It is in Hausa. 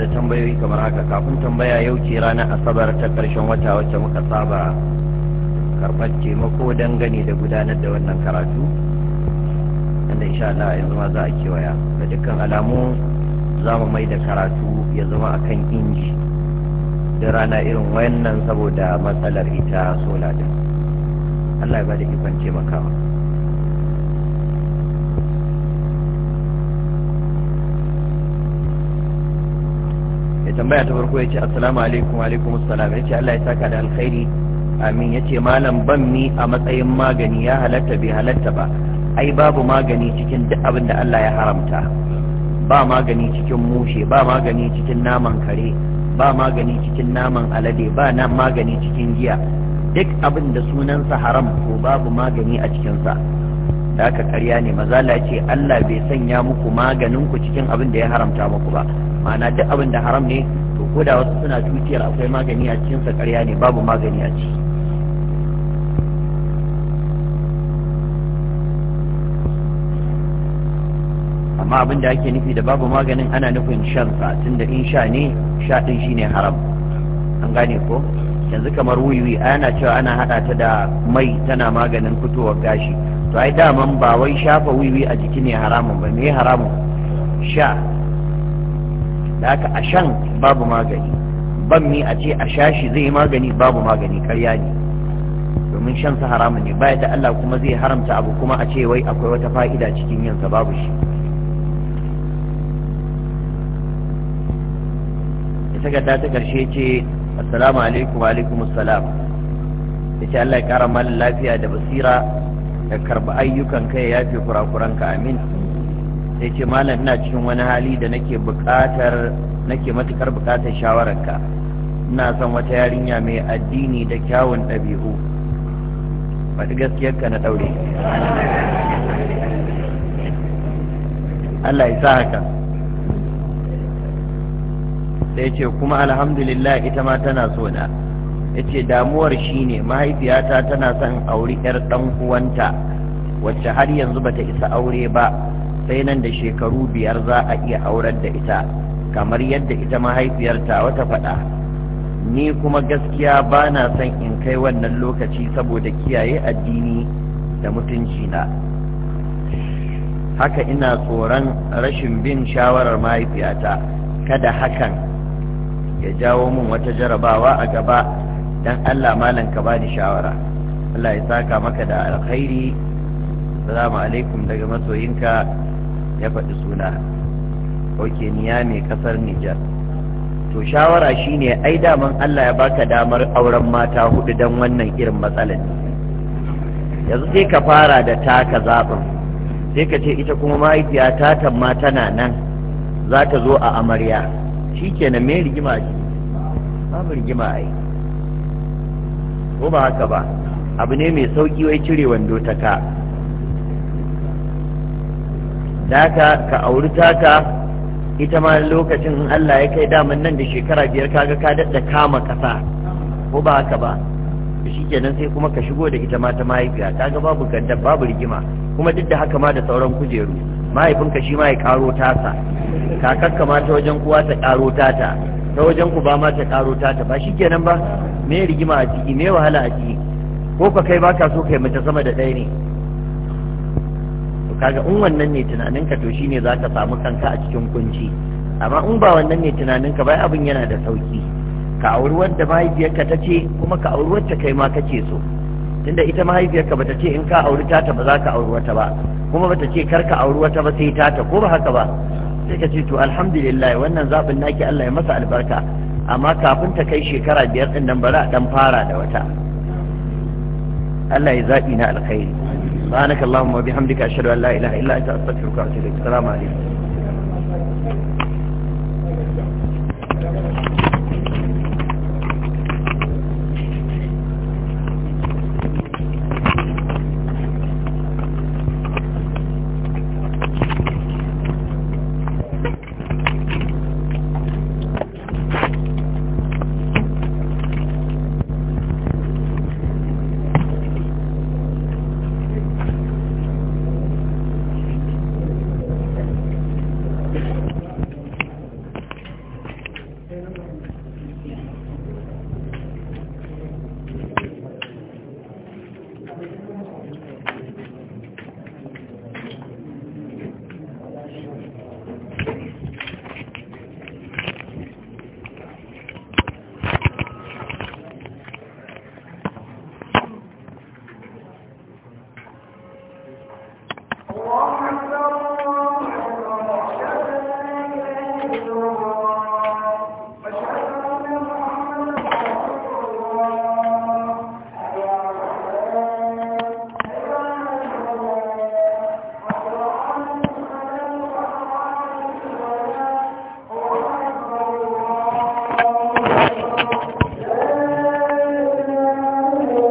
da tambayoyi kamar haka kafin tambaya yau ce ranar asabar ta karshen wata wacce muka saba karɓar taimako dangane da gudanar da wannan karatu wanda insha Allah yanzu ma za a kewaya da dukkan alamu za mu mai da karatu ya zama akan inji da rana irin wannan saboda matsalar ita sola din Allah ya bada ikon taimakawa tambaya ta farko ya ce assalamu alaikum wa alaikum assalam ce Allah ya saka da alkhairi amin ya ce malam ban banmi a matsayin magani ya halatta bai halatta ba ai babu magani cikin duk abin da Allah ya haramta ba magani cikin mushe ba magani cikin naman kare ba magani cikin naman alade ba nan magani cikin giya duk abin da sunansa haram ko babu magani a cikinsa da aka karya ne mazala ce Allah bai sanya muku maganin ku cikin abin da ya haramta muku ba ma'ana duk abin da haram ne to ko da wasu suna tuciyar akwai magani a cikin sa ƙarya ne babu magani a ciki amma abin da ake nufi da babu maganin ana nufin shan sa tunda in sha ne sha din shi ne haram an gane ko yanzu kamar wuyuyi ana cewa ana hada ta da mai tana maganin fitowar gashi to ai daman ba wai shafa wiwi a jiki ne haramun ba me haramun sha da haka a shan babu magani ban mi a ce a shashi zai yi magani babu magani karya ne domin shan sa haramun ne baya da Allah kuma zai haramta abu kuma a ce wai akwai wata fa'ida cikin yansa babu shi takarda ta karshe ce assalamu alaikum wa alaikum assalam ya Allah ya kara lafiya da basira da karba ayyukan kai ya fi ka amin sai ce malam ina cikin wani hali da nake buƙatar nake matukar buƙatar shawararka ina son wata yarinya mai addini da kyawun ɗabi'u gaskiyar ka na ɗaure Allah ya sa haka sai ce kuma alhamdulillah ita ma tana so na ya ce damuwar shine mahaifiyata tana son auri 'yar ɗan uwanta wacce har yanzu bata isa aure ba sai nan da shekaru biyar za a iya aurar da ita kamar yadda ita mahaifiyarta wata faɗa ni kuma gaskiya ba na son in kai wannan lokaci saboda kiyaye addini da mutunci na haka ina tsoron rashin bin shawarar mahaifiyata kada hakan ya jawo min wata jarabawa a gaba don allah malam ka bani shawara allah ya saka maka da alkhairi salamu alaikum daga masoyinka ya faɗi suna oke niya mai kasar nijar to shawara shine ai daman Allah ya baka damar auren mata hudu don wannan irin matsalar yanzu sai ka fara da taka zaɓin sai ka ce ita kuma mahaifiya ta tamma tana nan za ta zo a amarya shi kenan mai rigima shi? babu rigima ai ko ba haka ba abu ne mai sauƙi wai cire wando ta ka da haka ka auri taka ita ma lokacin Allah ya kai daman nan da shekara biyar kaga ka dadda kama kasa ko ba haka ba shi kenan sai kuma ka shigo da ita ma ta mahaifiya kaga babu ganda babu rigima kuma duk da haka ma da sauran kujeru mahaifinka shi ma ya karo tasa kakakka ma ta wajen kuwa ta karo tata ta wajen ku ba ma ta karo tata ba shi kenan ba me rigima a ciki me wahala a ciki ko ka kai baka so kai mace sama da ɗaya ne kaga in wannan ne tunaninka to shine za ka samu kanka a cikin kunci amma in ba wannan ne tunaninka bai abin yana da sauki ka auri wadda mahaifiyarka ta ce kuma ka auri wacce kai ma kake so tunda ita mahaifiyarka bata ce in ka auri tata ba za ka auri wata ba kuma bata ce kar ka auri wata ba sai tata ko ba haka ba sai ka ce to alhamdulillah wannan zaɓin naki Allah ya masa albarka amma kafin ta kai shekara biyar ɗin nan bari a ɗan fara da wata Allah ya zaɓi na alkhairi subhanakallahumma wa bihamdika ashhadu an la ilaha illa anta astaghfiruka wa atubu ilaik assalamu Jesus.